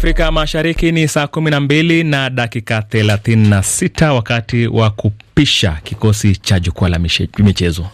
Afrika Mashariki ni saa kumi na dakika 36, wakati wa kupisha kikosi cha jukwaa la michezo.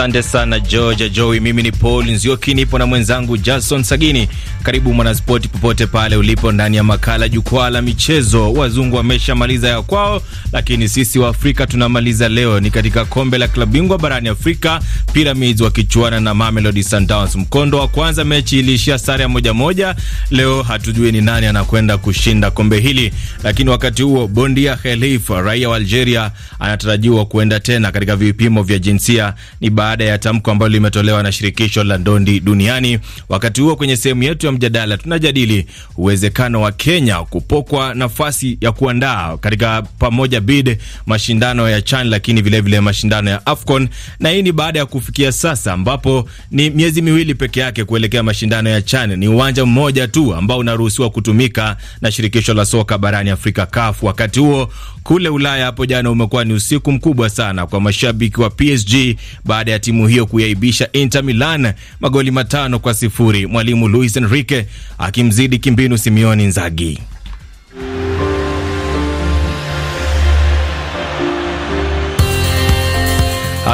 Asante sana Georgia Joey. Mimi ni Paul Nzioki, nipo na mwenzangu Jason Sagini. Karibu mwanaspoti, popote pale ulipo, ndani ya makala jukwaa la michezo. Wazungu wameshamaliza ya kwao, lakini sisi wa Afrika tunamaliza leo. Ni katika kombe la klabu bingwa barani Afrika, Pyramids wakichuana na Mamelodi Sundowns. Mkondo wa kwanza mechi iliishia sare ya moja moja. Leo hatujui ni nani anakwenda kushinda kombe hili, lakini wakati huo bondia Khelif, raia wa Algeria, anatarajiwa kuenda tena katika vipimo vya jinsia ni ba baada ya tamko ambalo limetolewa na shirikisho la ndondi duniani. Wakati huo, kwenye sehemu yetu ya mjadala tunajadili uwezekano wa Kenya kupokwa nafasi ya kuandaa katika pamoja bid mashindano ya CHAN, lakini vilevile vile mashindano ya AFCON, na hii ni baada ya kufikia sasa ambapo ni miezi miwili peke yake kuelekea mashindano ya CHAN. Ni uwanja mmoja tu ambao unaruhusiwa kutumika na shirikisho la soka barani Afrika, CAF. Wakati huo kule Ulaya hapo jana umekuwa ni usiku mkubwa sana kwa mashabiki wa PSG baada ya timu hiyo kuyaibisha Inter Milan magoli matano kwa sifuri, mwalimu Luis Enrique akimzidi kimbinu Simeone Inzaghi.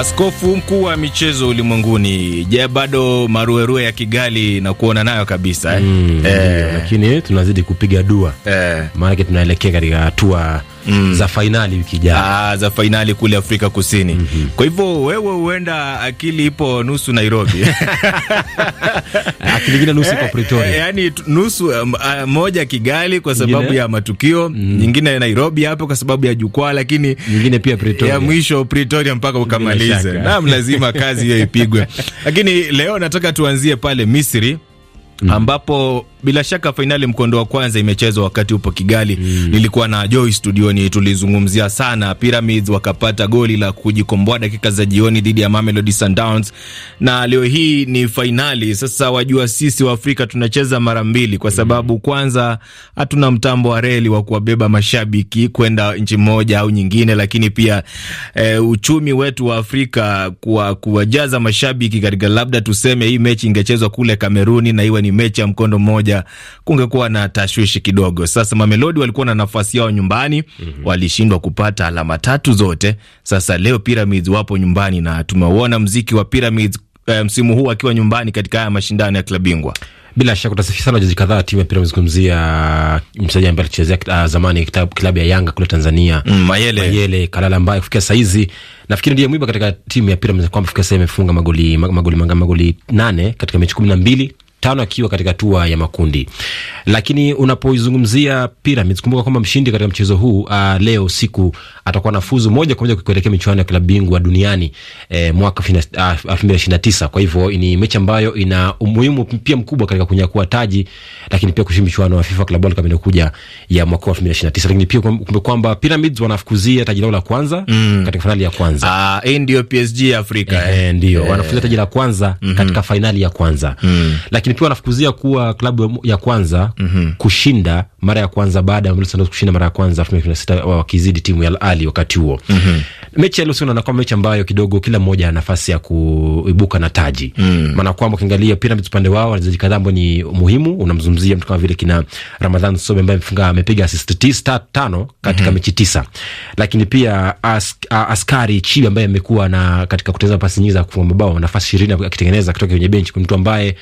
Askofu mkuu wa michezo ulimwenguni. Je, bado maruerue ya Kigali na kuona nayo kabisa eh? Mm, eh. Lakini tunazidi kupiga dua eh. Maanake tunaelekea katika hatua mm. za fainali wiki ijayo. Ah, za fainali kule Afrika Kusini mm -hmm. Kwa hivyo wewe huenda akili ipo nusu Nairobi akili ingine nusu ipo Pretoria eh, yani nusu um, uh, moja Kigali kwa sababu Ngine? ya matukio mm. nyingine Nairobi hapo kwa sababu ya jukwaa, lakini nyingine pia Pretoria ya mwisho Pretoria mpaka ukamali tumalize nam lazima kazi hiyo ipigwe. Lakini leo nataka tuanzie pale Misri mm. ambapo bila shaka fainali mkondo wa kwanza imechezwa wakati upo Kigali. Mm. Nilikuwa na Joy studioni, tulizungumzia sana Pyramids wakapata goli la kujikomboa dakika za jioni dhidi ya Mamelodi Sundowns, na leo hii ni fainali. Sasa wajua, sisi wa Afrika tunacheza mara mbili, kwa hmm. sababu kwanza hatuna mtambo wa reli wa kuwabeba mashabiki kwenda nchi moja au nyingine, lakini pia eh, uchumi wetu wa Afrika kwa kuwajaza mashabiki katika labda tuseme hii mechi ingechezwa kule Kameruni na iwe ni mechi ya mkondo mmoja pia kungekuwa na tashwishi kidogo. Sasa Mamelodi walikuwa na nafasi yao nyumbani mm -hmm. walishindwa kupata alama tatu zote. Sasa leo Pyramids wapo nyumbani na tumeuona mziki wa Pyramids eh, msimu huu akiwa nyumbani katika haya mashindano ya klabu bingwa. Bila shaka utasafiri sana wachezaji kadhaa timu ya Pyramids, kumzia uh, mchezaji ambaye alichezea uh, zamani klabu ya Yanga kule Tanzania mm, Mayele. Mayele Kalala ambaye kufikia saizi nafikiri ndiye mwiba katika timu ya Pyramids kwamba kufikia sasa imefunga magoli magoli magoli nane katika mechi kumi na mbili tano akiwa katika hatua ya makundi. Lakini unapoizungumzia Pyramids, kumbuka kwamba mshindi katika mchezo huu uh, leo usiku atakuwa na fuzu moja kwa moja kuelekea michuano ya klabu bingwa duniani eh, mwaka uh, elfu mbili ishirini na tisa. Kwa hivyo ni mechi ambayo ina umuhimu pia mkubwa katika kunyakua taji, lakini pia kushinda michuano ya FIFA Club World Cup inayokuja ya mwaka elfu mbili ishirini na tisa. Lakini pia kumbuka kwamba Pyramids wanafukuzia taji lao la kwanza mm, katika fainali ya kwanza. Ah, Hii ndio PSG Afrika eh, eh. ndio eh. wanafukuzia taji la kwanza mm -hmm. katika fainali ya kwanza, mm. lakini pia wanafukuzia kuwa klabu ya kwanza mm -hmm. kushinda mara ya kwanza baada ya Mamelodi Sundowns kushinda mara ya kwanza elfu mbili kumi na sita wakizidi timu ya Al Ahly wakati huo mm -hmm. mechi ya leo nakuwa mechi ambayo kidogo kila mmoja ana nafasi ya kuibuka na taji mm. maana kwamba ukiangalia Pyramids upande wao wachezaji kadhaa ambao ni muhimu, unamzungumzia mtu kama vile kina Ramadhan Sobe ambaye amefunga amepiga assist tisa tano katika mm -hmm. mechi tisa, lakini pia as, a, askari Chibi ambaye amekuwa na katika kutengeneza pasi nyingi za kufunga mabao nafasi ishirini akitengeneza kutoka kwenye benchi, mtu ambaye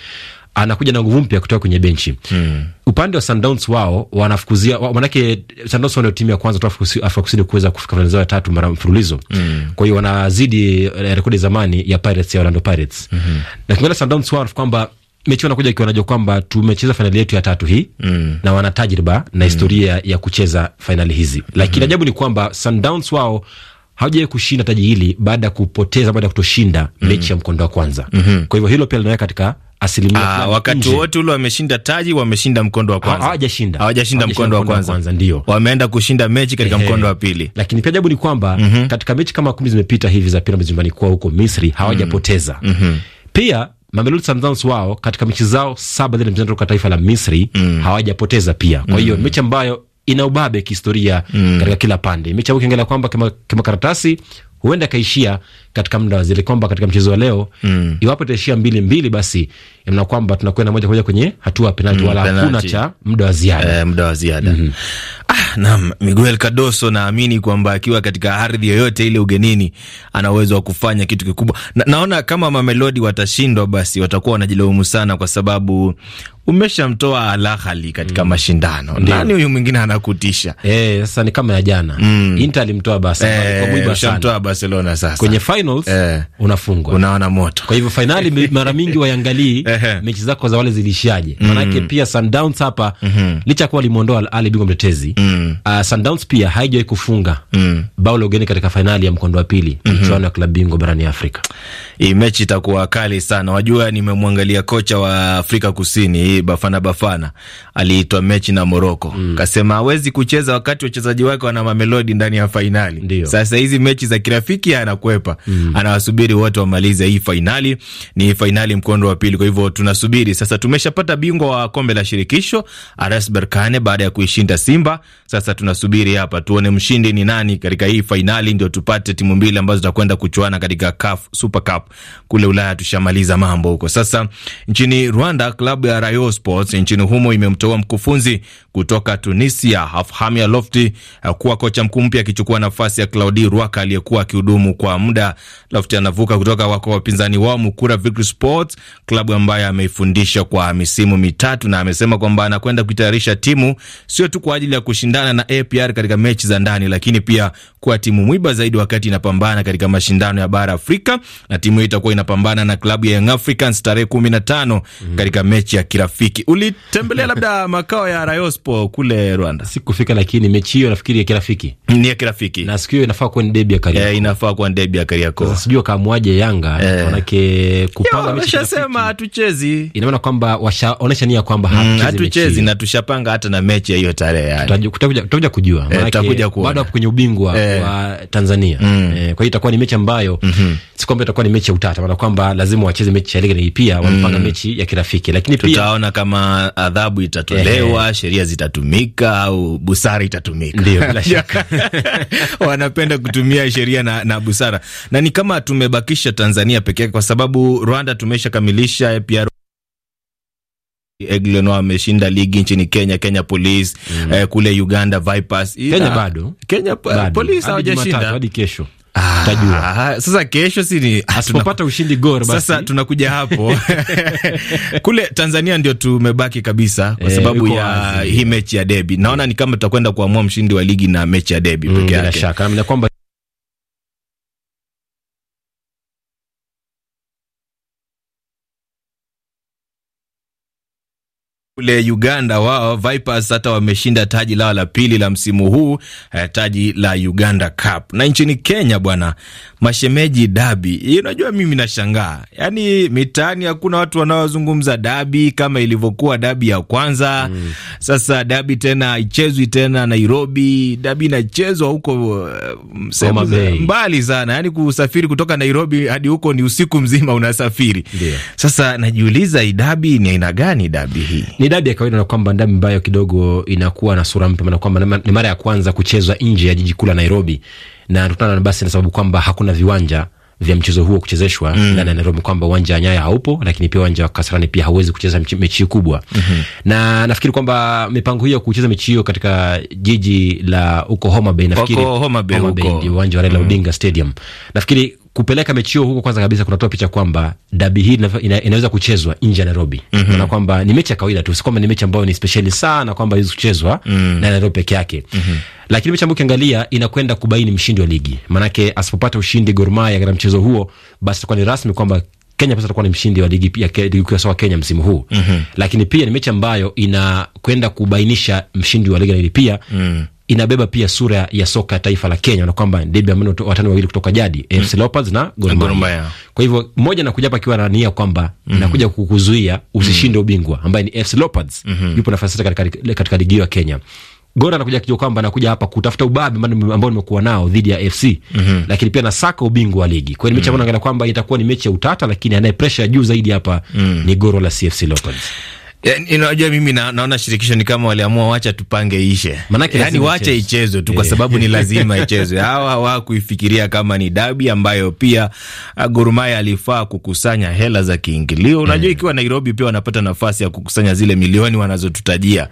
anakuja na nguvu mpya kutoka kwenye benchi mm. Upande wa Sundowns wao wanafukuzia wa, manake Sundowns wao timu ya kwanza tu Afrika Kusini kuweza kufika fainali zao ya tatu mara mfululizo mm. Kwa hiyo wanazidi eh, rekodi zamani ya Pirates ya Orlando Pirates mm -hmm. Na kingine Sundowns wao kwamba mechi wanakuja ikiwa najua kwamba tumecheza fainali yetu ya tatu hii mm. na wana tajriba na hmm. historia mm. ya kucheza fainali hizi, lakini mm -hmm. ajabu ni kwamba Sundowns wao hawajawai kushinda taji hili baada ya kupoteza, baada ya kutoshinda hmm. mechi mm -hmm. ya mkondo wa kwanza mm -hmm. Kwa hivyo hilo pia linaweka katika asilimia ah, wakati wote ule wameshinda taji, wameshinda mkondo wa kwanza, hawajashinda hawajashinda mkondo wa kwanza, kwanza ndio wameenda kushinda mechi katika Ehe, mkondo wa pili. Lakini pia ajabu ni kwamba mm -hmm. katika mechi kama kumi zimepita hivi za Pyramids nyumbani kwao huko Misri hawajapoteza mm -hmm. pia Mamelodi Sundowns wao katika mechi zao saba zile mchezo kwa taifa la Misri mm. hawajapoteza pia. Kwa hiyo mm. mechi ambayo ina ubabe kihistoria mm. katika kila pande. Mechi ambayo ukiangalia kwamba kama karatasi huenda kaishia katika mda wa zile kwamba katika mchezo wa leo mm. iwapo itaishia mbili mbili, basi mna yaani kwamba tunakwenda moja kwa moja kwenye hatua ya penalti mm, wala hakuna cha muda wa ziada e, muda wa ziada mm -hmm. Ah, naam, Miguel Cardoso naamini kwamba akiwa katika ardhi yoyote ile ugenini ana uwezo wa kufanya kitu kikubwa. Na, naona kama Mamelodi watashindwa, basi watakuwa wanajilaumu sana kwa sababu umeshamtoa Al Ahly katika mm. mashindano. Ndiyo. Nani huyu mwingine anakutisha? Eh, sasa ni kama ya jana mm. Inter alimtoa basi. eh, kwa mwiba sana. Barcelona sasa kwenye final finals eh, unafungwa unaona moto. Kwa hivyo finali mara mingi waangalii mechi zako za wale zilishaje, manake mm. pia Sundowns hapa mm -hmm. licha kuwa limuondoa Ali Bingwa mtetezi mm. uh, Sundowns pia haijawahi kufunga mm. bao la ugeni katika finali ya mkondo wa pili mm -hmm. mchuano wa klabu bingwa barani Afrika. Hii mechi itakuwa kali sana. Wajua, nimemwangalia kocha wa Afrika Kusini Bafana Bafana aliitwa mechi na Moroko mm. kasema hawezi kucheza wakati wachezaji wake wana Mamelodi ndani ya fainali. Sasa hizi mechi za kirafiki anakwepa mm mm. anawasubiri wote wamalize hii fainali. Ni fainali mkondo wa pili, kwa hivyo tunasubiri sasa. Tumeshapata bingwa wa kombe la shirikisho RS Berkane baada ya kuishinda Simba. Sasa tunasubiri hapa tuone mshindi ni nani katika hii fainali, ndio tupate timu mbili ambazo zitakwenda kuchuana katika CAF Super Cup. Kule Ulaya tushamaliza mambo huko. Sasa nchini Rwanda, klabu ya Rayon Sports nchini humo imemtoa mkufunzi kutoka Tunisia Afhamia Lofti kuwa kocha mkuu mpya, akichukua nafasi ya Claudi Rwaka aliyekuwa akihudumu kwa muda Lafti anavuka kutoka wako wapinzani wao Mukura Victory Sports, klabu ambayo ameifundisha kwa misimu mitatu, na amesema kwamba anakwenda kuitayarisha timu sio tu kwa ajili ya kushindana na APR katika mechi za ndani, lakini pia kuwa timu mwiba zaidi wakati inapambana katika mashindano ya bara Afrika, na timu hiyo itakuwa inapambana na klabu ya Young Africans tarehe kumi na tano mhm. katika mechi ya kirafiki. Ulitembelea labda makao ya Rayospo kule Rwanda? Sikufika, lakini mechi hiyo nafikiri ya kirafiki ni ya kirafiki, na siku hiyo inafaa kuwa ni debi ya Kariakoo, eh, inafaa kuwa ni debi ya Kariakoo. Kwanza sijui wakaamwaje Yanga eh, manake kupanga mechi wameshasema hatuchezi, ina maana kwamba washaonesha nia kwamba mm, hatuchezi na tushapanga hata na mechi ya hiyo tarehe, yani tutakuja kujua eh, manake bado kwenye ubingwa eh, wa Tanzania mm. Eh, kwa hiyo itakuwa ni mechi ambayo mm -hmm. si kwamba itakuwa ni mechi ya utata, maana kwamba lazima wacheze mechi ya ligi, pia wanapanga mm. mechi ya kirafiki, lakini pia tutaona kama adhabu itatolewa eh, sheria zitatumika au busara itatumika, ndio bila shaka wanapenda kutumia sheria na, na busara na ni kama tumebakisha Tanzania peke yake, kwa sababu Rwanda tumeshakamilisha APR Egleno ameshinda ligi nchini Kenya, Kenya Police mm. Eh, kule Uganda Vipers. Kenya ah, bado, Kenya Police hawajashinda hadi kesho. Ah, sasa kesho si ni asipopata ushindi Gor basi. Sasa tunakuja hapo kule Tanzania ndio tumebaki kabisa kwa eh, sababu e, ya hii mechi ya debi. Naona ni kama tutakwenda kuamua mshindi wa ligi na mechi ya debi mm, peke yake. Bila shaka na kwamba Kule Uganda wao Vipers hata wameshinda taji lao la pili la msimu huu, eh, taji la Uganda Cup. Na nchini Kenya bwana, mashemeji dabi, hii, unajua mimi nashangaa, yani mitaani hakuna watu wanaozungumza dabi kama ilivyokuwa dabi ya kwanza mm. Sasa dabi tena ichezwi tena Nairobi, dabi inachezwa huko uh, mbali sana, yani kusafiri kutoka Nairobi hadi huko ni usiku mzima unasafiri. Deo. Sasa najiuliza idabi ni aina gani dabi hii? ni dabi ya kawaida na kwamba dabi ambayo kidogo inakuwa na sura mpya, na kwamba ni mara ya kwanza kuchezwa nje ya jiji kuu la Nairobi, na tutana na basi na sababu kwamba hakuna viwanja vya mchezo huo kuchezeshwa mm. ndani ya Nairobi, kwamba uwanja wa Nyayo haupo, lakini pia uwanja wa Kasarani pia hauwezi kucheza mechi kubwa mm -hmm. na nafikiri kwamba mipango hiyo kucheza mechi hiyo katika jiji la uko Homa Bay, nafikiri Homa Bay, uwanja wa Raila mm. Odinga mm. Stadium, nafikiri kupeleka mechi hiyo huko, kwanza kabisa kunatoa picha kwamba dabi hii ina, ina, inaweza kuchezwa nje ya Nairobi mm -hmm. na kwamba ni mechi ya kawaida tu, si kwamba ni mechi ambayo ni spesheli sana kwamba iwezi kuchezwa mm -hmm. na Nairobi peke yake mm -hmm. Lakini mechi ambayo ukiangalia inakwenda kubaini mshindi wa ligi, maanake asipopata ushindi Gor Mahia katika mchezo huo, basi itakuwa ni rasmi kwamba Kenya pesa atakuwa ni mshindi wa ligi ya ligi kuu ya soka Kenya msimu huu mm -hmm. Lakini pia ni mechi ambayo inakwenda kubainisha mshindi wa ligi na pia mm -hmm inabeba pia sura ya soka ya taifa la Kenya na kwamba debi ambayo watani wawili kutoka jadi mm. AFC Leopards na Gor Mahia. Kwa hivyo mmoja anakuja hapa akiwa na nia kwamba mm. nakuja kukuzuia usishinde mm. ubingwa ambaye ni FC Leopards mm -hmm. yupo nafasi sita katika, katika ligi ya Kenya. Gora anakuja kijua kwamba anakuja hapa kutafuta ubabe ambao nimekuwa nao dhidi ya FC mm -hmm. lakini pia nasaka ubingwa wa ligi. Kwa hiyo mechi mm -hmm. naangalia kwamba itakuwa ni mechi ya utata, lakini anaye presha ya juu zaidi hapa mm -hmm. ni Goro la CFC Leopards. Yani, unajua mimi na, naona shirikisho ni kama waliamua wacha tupange ishe, manake yani wache ichezwe tu kwa eh. sababu ni lazima ichezwe. Hawa hawakuifikiria kama ni dabi ambayo pia ah, Gor Mahia alifaa kukusanya hela za kiingilio. Unajua eh. ikiwa Nairobi pia wanapata nafasi ya kukusanya zile milioni wanazotutajia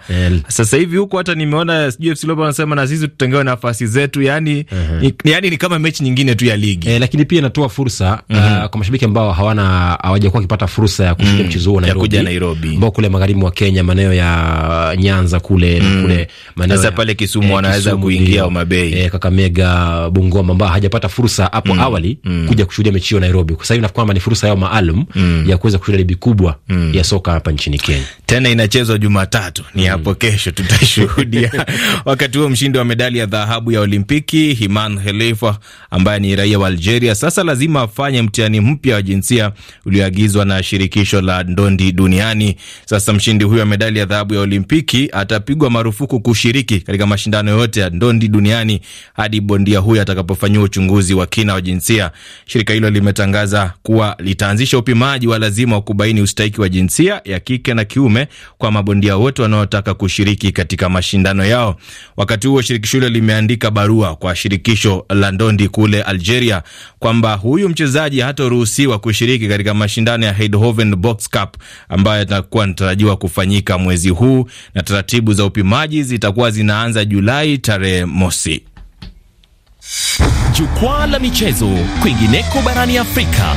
sasa hivi huko. Hata nimeona sijui FC Leopards wanasema na sisi tutengewe nafasi zetu, yani, ni, yani ni kama mechi nyingine tu ya ligi e, lakini pia inatoa fursa mm -hmm. uh, kwa mashabiki ambao hawana hawajakuwa wakipata fursa ya kushiriki mm. mchezo huo Nairobi, ya kuja Nairobi magharibi mwa Kenya, maeneo ya Nyanza kule mm. kule maeneo sasa pale Kisumu eh, kuingia Omabei eh, Kakamega, Bungoma ambao hajapata fursa hapo mm. awali mm. kuja kushuhudia mechi hiyo Nairobi. Kwa sasa hivi kwamba ni fursa yao maalum mm. ya kuweza kushuhudia ligi kubwa mm. ya soka hapa nchini Kenya. Tena inachezwa Jumatatu, ni mm. hapo mm. kesho tutashuhudia. Wakati huo mshindi wa medali ya dhahabu ya Olimpiki Himan Helifa ambaye ni raia wa Algeria sasa lazima afanye mtihani mpya wa jinsia ulioagizwa na shirikisho la ndondi duniani. Sasa mshindi huyo wa medali ya dhahabu ya Olimpiki atapigwa marufuku kushiriki katika mashindano yote ya ndondi duniani hadi bondia huyo atakapofanyiwa uchunguzi wa kina wa jinsia. Shirika hilo limetangaza kuwa litaanzisha upimaji wa lazima wa kubaini ustahiki wa jinsia ya kike na kiume kwa mabondia wote wanaotaka kushiriki katika mashindano yao. Wakati huo, shirikisho hilo limeandika barua kwa shirikisho la ndondi kule Algeria kwamba huyu mchezaji hatoruhusiwa kushiriki katika mashindano ya Eindhoven Box Cup ambayo atakuwa zinatarajiwa kufanyika mwezi huu na taratibu za upimaji zitakuwa zinaanza Julai tarehe mosi. Jukwaa la michezo kwingineko barani Afrika.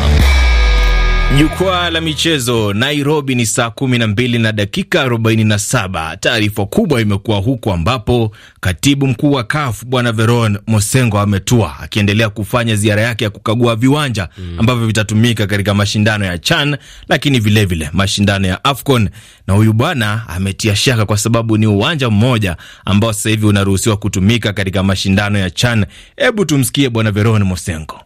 Jukwaa la michezo Nairobi ni saa kumi na mbili na dakika saba Taarifa kubwa imekuwa huku ambapo katibu mkuu wa CAF Bwana Veron Mosengo ametua akiendelea kufanya ziara yake ya kukagua viwanja mm. ambavyo vitatumika katika mashindano ya CHAN lakini vilevile vile, mashindano ya AFCON na huyu bwana ametia shaka kwa sababu ni uwanja mmoja ambao sasa hivi unaruhusiwa kutumika katika mashindano ya CHAN. Hebu tumsikie Bwana Veron Mosengo.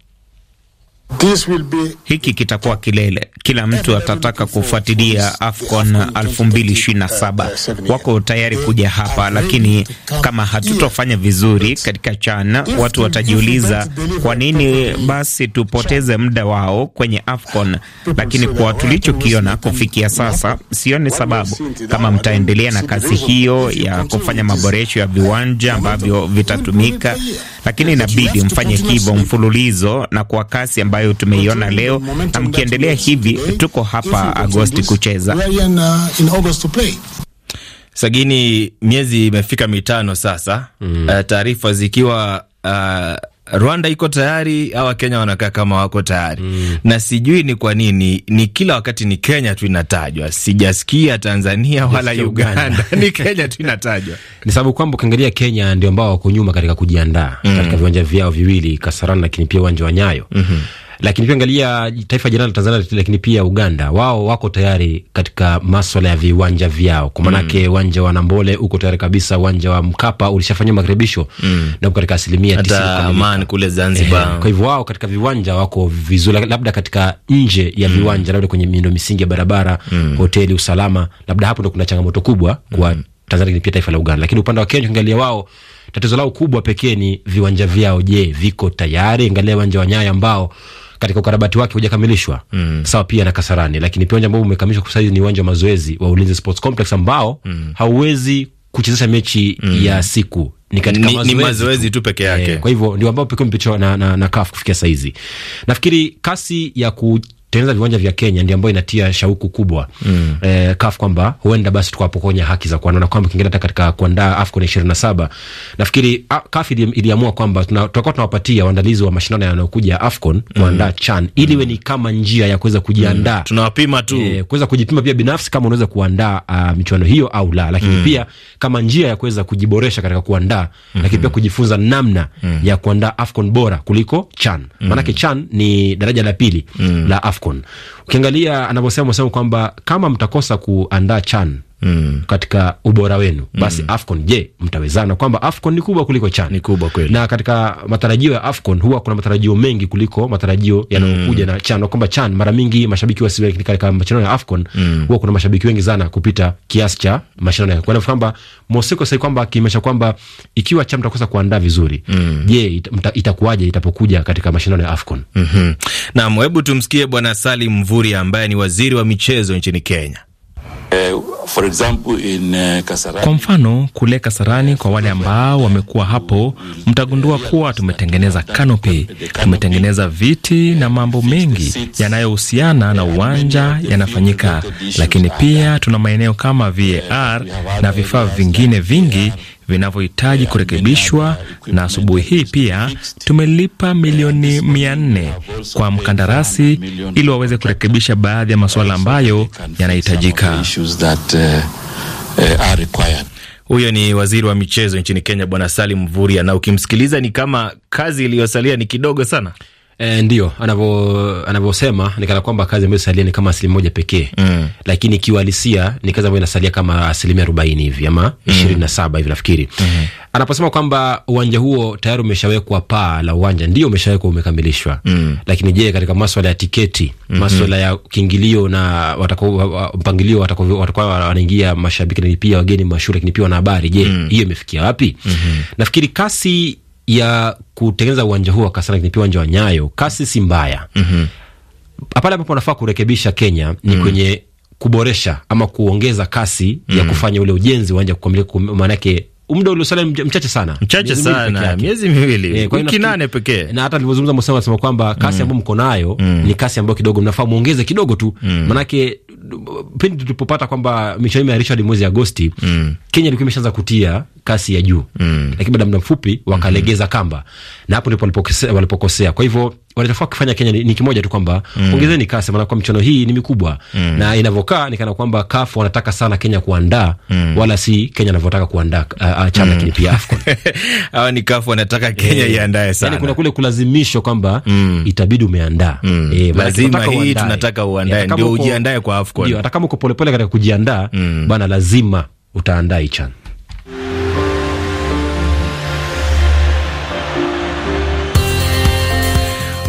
Hiki kitakuwa kilele. Kila mtu atataka kufuatilia AFCON 2027 wako tayari kuja hapa, lakini kama hatutofanya vizuri katika CHAN watu watajiuliza kwa nini basi tupoteze muda wao kwenye AFCON. Lakini kwa tulichokiona kufikia sasa, sioni sababu. Kama mtaendelea na kazi hiyo ya kufanya maboresho ya viwanja ambavyo vitatumika, lakini inabidi mfanye hivyo mfululizo na kwa kasi ambayo ambayo tumeiona leo, na mkiendelea hivi, tuko hapa Agosti kucheza. Uh, Sagini, miezi imefika mitano sasa, mm. uh, taarifa zikiwa uh, Rwanda iko tayari au Kenya wanakaa kama wako tayari mm. na sijui ni kwa nini ni kila wakati ni Kenya tu inatajwa, sijasikia Tanzania wala Yes, Uganda, Uganda. ni Kenya tu inatajwa. Ni sababu kwamba ukiangalia Kenya ndio ambao wako nyuma katika kujiandaa mm. katika viwanja vyao viwili Kasarani, lakini pia uwanja wa Nyayo mm -hmm lakini pia angalia taifa jirani la Tanzania, lakini pia Uganda, wao wako tayari katika maswala ya viwanja vyao, kwa maanake mm. uwanja mm. wa Nambole uko tayari kabisa, uwanja wa Mkapa ulishafanyia marekebisho mm. na katika asilimia tisini kule Zanzibar. Eh, kwa hivyo wao katika viwanja wako vizuri, labda katika nje ya mm. viwanja, labda kwenye miundo misingi ya barabara mm. hoteli, usalama, labda hapo ndo kuna changamoto kubwa kwa mm. Tanzania, ni pia taifa la Uganda. Lakini upande wa Kenya ukiangalia wao tatizo lao kubwa pekee ni viwanja vyao. Je, viko tayari? Angalia uwanja wa Nyayo ambao katika ukarabati wake hujakamilishwa mm. sawa pia na Kasarani, lakini pia uwanja ambao umekamilishwa kwa saizi ni uwanja wa mazoezi wa Ulinzi Sports Complex ambao mm. hauwezi kuchezesha mechi mm. ya siku ni katika ni, mazoezi, ni mazoezi tu peke yake. E, kwa hivyo ndio ambao pekee mpitishwa na, na, na kafu kufikia saizi. Nafikiri kasi ya ku kutengeneza viwanja vya Kenya ndio ambayo inatia shauku kubwa mm. E, eh, kaf kwamba huenda basi tukawapokonya haki za kuanana kwamba kingine hata katika kuandaa AFCON saba nafikiri kaf ah, iliamua kwamba tutakuwa tunawapatia waandalizi wa mashindano yanayokuja AFCON mm. kuandaa mm. CHAN ili iwe mm. ni kama njia ya kuweza kujiandaa mm. tunawapima tu e, kuweza kujipima pia binafsi kama unaweza kuandaa uh, michuano hiyo au la, lakini mm. pia kama njia ya kuweza kujiboresha katika kuandaa mm -hmm. lakini mm-hmm. pia kujifunza namna mm. ya kuandaa AFCON bora kuliko CHAN mm. maanake CHAN ni daraja la pili mm. la AFCON AFCON. Ukiangalia anavyosema sema kwamba kama mtakosa kuandaa CHAN mm. katika ubora wenu mm. basi, mm. AFCON je, mtawezana kwamba AFCON ni kubwa kuliko CHAN ni kubwa kweli, na katika matarajio ya AFCON huwa kuna matarajio mengi kuliko matarajio yanayokuja mm. na CHAN, kwamba CHAN mara mingi mashabiki wasi katika mashindano ya AFCON mm. huwa kuna mashabiki wengi sana kupita kiasi cha mashindano yake, kwa hivyo kwamba Moseko sai kwamba kimesha kwamba ikiwa CHAN mtakosa kuandaa vizuri mm. je, ita, itakuwaje itapokuja katika mashindano ya AFCON? mm -hmm. Naam, hebu tumsikie Bwana Salim Mvuri ambaye ni waziri wa michezo nchini Kenya. Eh, eh, kwa mfano kule Kasarani, kwa wale ambao wamekuwa hapo, mtagundua kuwa tumetengeneza kanopi, tumetengeneza viti na mambo mengi yanayohusiana na uwanja yanafanyika, lakini pia tuna maeneo kama VAR na vifaa vingine vingi vinavyohitaji kurekebishwa, na asubuhi hii pia tumelipa milioni mia nne kwa mkandarasi ili waweze kurekebisha baadhi ya masuala ambayo yanahitajika. Huyo ni waziri wa michezo nchini Kenya, Bwana Salim Mvurya, na ukimsikiliza ni kama kazi iliyosalia ni kidogo sana. E, ndio anavyo anavyosema ni kana kwamba kazi ambayo salia ni kama asilimia moja pekee mm. Lakini kiuhalisia ni kazi ambayo inasalia kama asilimia arobaini hivi ama mm. ishirini mm. na saba hivi nafikiri mm -hmm. Anaposema kwamba uwanja huo tayari umeshawekwa, paa la uwanja ndio umeshawekwa, umekamilishwa mm. Lakini je, katika maswala ya tiketi mm -hmm. maswala ya kiingilio na watakao mpangilio watakao wanaingia mashabiki, lakini pia wageni mashuhuri, lakini pia wanahabari, je, mm. hiyo mm. imefikia wapi? mm -hmm. Nafikiri kasi ya kutengeneza uwanja huu wa Kasarani, lakini pia uwanja wa Nyayo, kasi si mbaya. mm -hmm. Pale ambapo kurekebisha Kenya ni mm. kwenye kuboresha ama kuongeza kasi mm. ya mhm. kufanya ule ujenzi uwanja kukamilika, maanake muda uliosalia mchache sana, mchache sana, miezi miwili, eh, wiki nane pekee. Na hata nilivyozungumza, msema kwamba kasi mm. ambayo mko nayo mm. ni kasi ambayo kidogo mnafaa muongeze kidogo tu mm. maanake pindi tulipopata kwamba michuano imeahirishwa hadi mwezi Agosti mm. Kenya ilikuwa imeshaanza kutia kasi ya juu mm. Lakini baada ya muda mfupi wakalegeza kamba, na hapo ndipo walipokosea. Kwa hivyo wanachofaa kufanya Kenya ni, ni kimoja tu kwamba mm. ongezeni kasi, maana kwa michano hii ni mikubwa mm. na inavyokaa nikana kwamba kafu wanataka sana Kenya kuandaa mm. wala si Kenya anavyotaka kuandaa uh, uh, mm. kini pia AFCON hawa ni kafu wanataka Kenya eh, iandae sana, yani kuna kule kulazimisho kwamba mm. itabidi umeandaa mm. e, lazima hii tunataka eh, uandae ndio ujiandae kwa AFCON, ndio hata kama uko polepole katika kujiandaa mm. bana lazima utaandaa hii ichana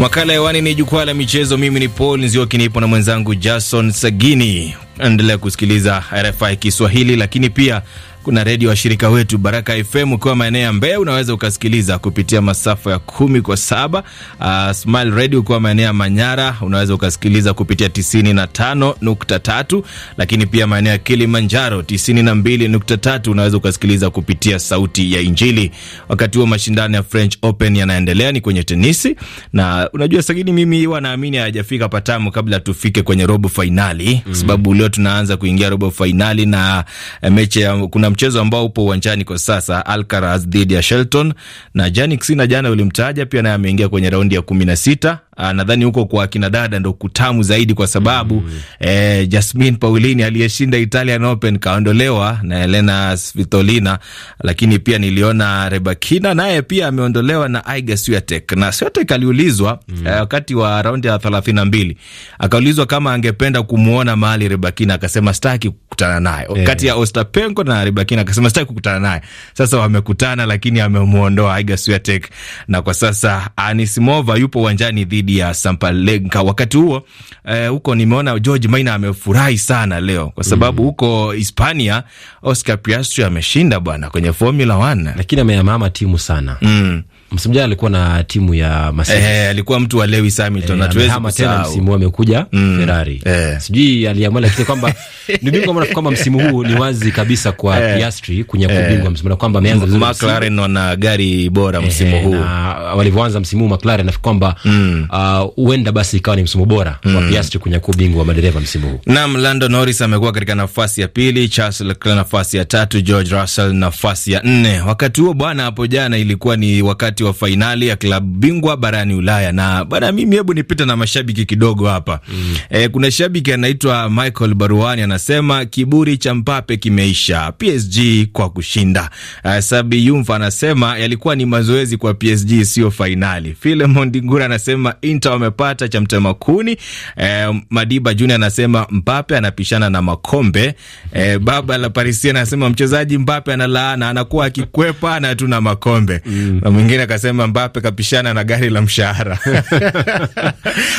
Makala hewani ni jukwaa la michezo. Mimi ni Paul Nzioki, nipo na mwenzangu Jason Sagini. Endelea kusikiliza RFI Kiswahili, lakini pia kuna redio wa shirika wetu Baraka FM, ukiwa maeneo ya Mbeya unaweza ukasikiliza kupitia masafa ya kumi kwa saba. Uh, Smile Radio ukiwa maeneo ya Manyara unaweza ukasikiliza kupitia tisini na tano nukta tatu, lakini pia maeneo ya Kilimanjaro tisini na mbili nukta tatu unaweza ukasikiliza kupitia Sauti ya Injili. Wakati huo mashindano ya French Open yanaendelea, ni kwenye tenisi, na unajua Sagini, mimi huwa naamini hayajafika patamu kabla tufike kwenye robo fainali, kwa mm. sababu leo tunaanza kuingia robo fainali na eh, mechi ya kuna mchezo ambao upo uwanjani kwa sasa, Alcaraz dhidi ya Shelton na Jannik Sinner jana ulimtaja pia naye ameingia kwenye raundi ya kumi na sita Ah, nadhani huko kwa kina dada ndo kutamu zaidi kwa sababu mm. eh, Jasmine Paulini aliyeshinda Italian Open kaondolewa na Elena Svitolina, lakini pia niliona Rebakina naye pia ameondolewa na Iga Swiatek. Na Swiatek aliulizwa mm. eh, wakati wa raundi ya thelathini na mbili akaulizwa kama angependa kumwona mahali Rebakina, akasema staki kukutana naye eh. Kati ya Ostapenko na Rebakina akasema staki kukutana naye. Sasa wamekutana, lakini amemwondoa Iga Swiatek, na kwa sasa Anisimova yupo uwanjani dhidi dhidi ya Sampalenka. Wakati huo eh, huko nimeona George Maina amefurahi sana leo kwa sababu mm. huko mm. Hispania Oscar Piastri ameshinda bwana kwenye Formula 1 lakini ameyamama timu sana mm. Msimjana alikuwa na timu ya Mercedes. Eh, alikuwa mtu wa Lewis Hamilton na eh, tuwezi kusahau. Tena msimu amekuja mm, Ferrari. Eh. Sijui aliamua lakini kwamba ni bingwa mara kwamba msimu huu ni wazi kabisa kwa eh, Piastri kunyakua eh, bingwa msimu na kwamba ameanza vizuri. McLaren wana gari bora msimu eh, huu. Na walivyoanza msimu huu McLaren nafikiri kwamba mm, uh, huenda uh, basi ikawa ni msimu bora mm, kwa Piastri kunyakua bingwa wa madereva msimu huu. Naam, Lando Norris amekuwa katika nafasi ya pili, Charles Leclerc nafasi ya tatu, George Russell nafasi ya nne. Wakati huo bwana, hapo jana ilikuwa ni wakati wakati wa fainali ya klabu bingwa barani Ulaya. Na bwana, mimi hebu nipita na mashabiki kidogo hapa mm. E, kuna shabiki anaitwa Michael Baruani anasema kiburi cha Mpape kimeisha PSG kwa kushinda. Uh, Sabi Yumfa anasema yalikuwa ni mazoezi kwa PSG, sio fainali. Filemon Dingura anasema Inter wamepata cha mtema kuni. Eh, Madiba Junior anasema Mpape anapishana na makombe. Eh, baba la Parisien anasema mchezaji Mpape analaana, anakuwa akikwepa na tuna makombe mm. na mwingine akasema Mbape kapishana na gari la mshahara.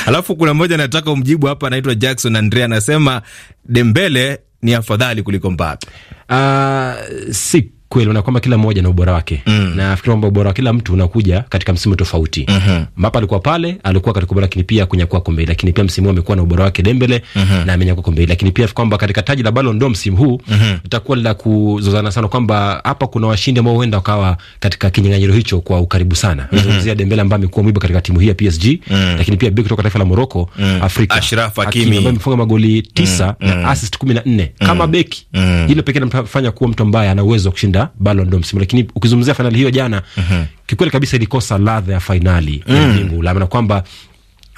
Alafu kuna mmoja anataka umjibu hapa, anaitwa Jackson Andrea, anasema Dembele ni afadhali kuliko Mbape. Uh, ah, si kweli unaona kwamba kila mmoja na ubora wake mm. na nafikiri kwamba ubora wa kila mtu unakuja katika msimu tofauti mm -hmm. Mbappe alikuwa pale, alikuwa katika ubora, lakini pia kunyakua kombe, lakini pia msimu huu amekuwa na ubora wake Dembele mm -hmm. na amenyakua kombe, lakini pia kwamba katika taji la Ballon d'Or msimu huu mm -hmm. itakuwa la kuzozana sana, kwamba hapa kuna washindi ambao huenda wakawa katika kinyang'anyiro hicho kwa ukaribu sana mm -hmm. Zia Dembele ambaye amekuwa mwiba katika timu hii ya PSG mm -hmm. lakini pia beki kutoka taifa la Morocco mm -hmm. Afrika Ashraf Hakimi ambaye amefunga magoli 9 mm -hmm. na assist 14 mm. kama mm -hmm. beki mm -hmm. hilo pekee linamfanya kuwa mtu ambaye ana uwezo wa kushinda Ballon d'Or msimu, lakini ukizungumzia fainali hiyo jana, mm -hmm. kikweli kabisa ilikosa ladha ya fainali mm. ya jingu Ulaya, na kwamba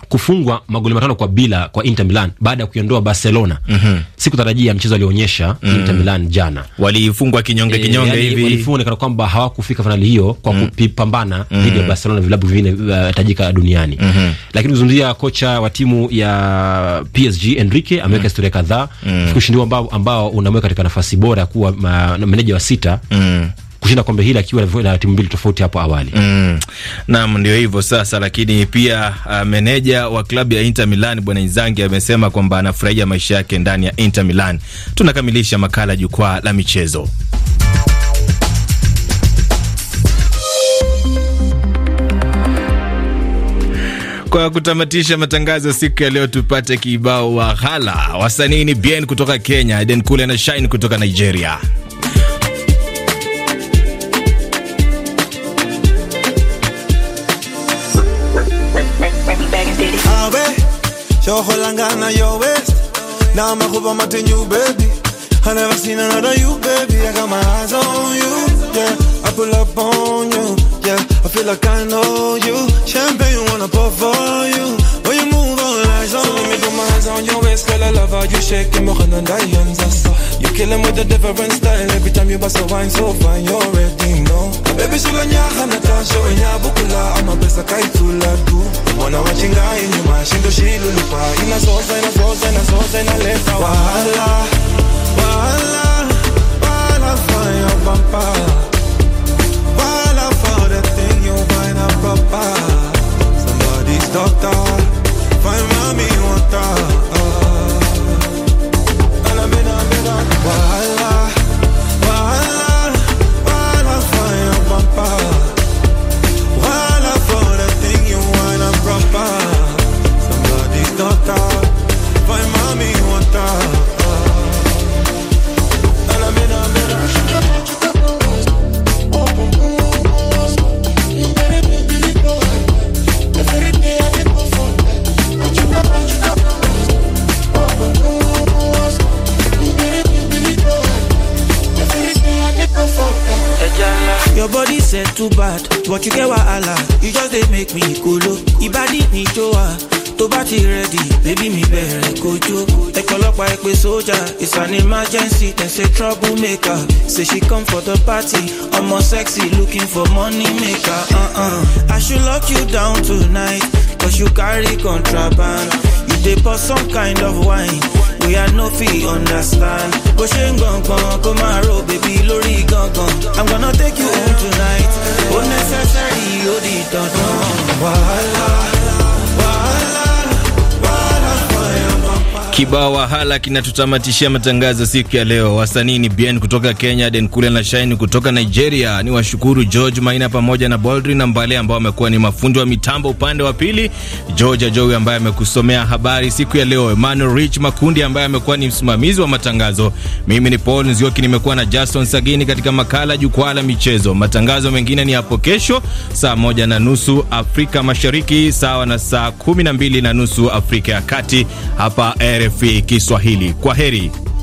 kufungwa magoli matano kwa bila kwa Inter Milan baada ya kuiondoa Barcelona. mm -hmm. Sikutarajia mchezo alionyesha mm -hmm. Inter Milan jana walifungwa kinyonge eh, kinyonge hivi e, hivi walifungwa kana kwamba hawakufika finali hiyo kwa mm -hmm. kupambana mhm. dhidi mm -hmm. ya Barcelona, vilabu vingine uh, tajika duniani mm -hmm. Lakini kuzungumzia kocha wa timu ya PSG Enrique ameweka mm -hmm. historia kadhaa mm -hmm. ushindi ambao ambao unamweka katika nafasi bora kuwa uh, meneja wa sita mm -hmm kushinda kombe hili akiwa na timu mbili tofauti hapo awali. Mm. Naam, ndio hivyo sasa, lakini pia uh, meneja wa klabu ya Inter Milan bwana Inzaghi amesema kwamba anafurahia maisha yake ndani ya Inter Milan. Tunakamilisha makala jukwaa la michezo. Kwa kutamatisha matangazo siku ya leo, tupate kibao wa ghala. Wasanii ni Bien kutoka Kenya, Eden Kule na Shine kutoka Nigeria. No Holland Ghana, yo waist. Now I'm a hoop on my ten, you baby. I never seen another you, baby. I got my eyes on you, yeah. I pull up on you, yeah. I feel like I know you. Champagne wanna pour for you. When you move on, eyes on. So let me put my hands on your waist, girl. I love how you shake it more than Diane's. I saw you killing with a different style. Every time you bust a wine, so fine, you already know. Baby, sugar nyaha na tasho, nyabukula, ama pesa kaitula tu. Mwana You inyuma, shindo shilu Nosotros, in sosa, sauce, in a sauce, in too bad but you get I like. you just they make me need ìbàdí níjọ́wà tó baby, me rẹ́dì bébí mi They call up like pé sójà it's an emergency dem say trouble maker say she come for the party i am ọmọ sexy looking for money maker uh-uh. I should lock you down tonight cause you carry contraband you dey pour some kind of wine we are no fee understand. Bó ṣe ń gangan come. máa ro bèbí lórí gangan. I'm gonna take you home tonight. Ó necessary ó not know Wàhálà. Kibao hala kinatutamatishia matangazo siku ya leo. Wasanii ni Bien kutoka Kenya, Denkule na Shaini kutoka Nigeria. Ni washukuru George Maina pamoja na Boldri na Mbale ambao wamekuwa ni mafundi wa mitambo upande wa pili, George Ajowi ambaye amekusomea habari siku ya leo, Emmanuel Rich Makundi ambaye amekuwa ni msimamizi wa matangazo. Mimi ni Paul Nzioki, nimekuwa na Jason Sagini katika makala Jukwaa la Michezo. Matangazo mengine ni hapo kesho saa moja na nusu Afrika Mashariki, sawa na saa kumi na mbili na nusu Afrika ya Kati hapa RFI Kiswahili. Kwa heri.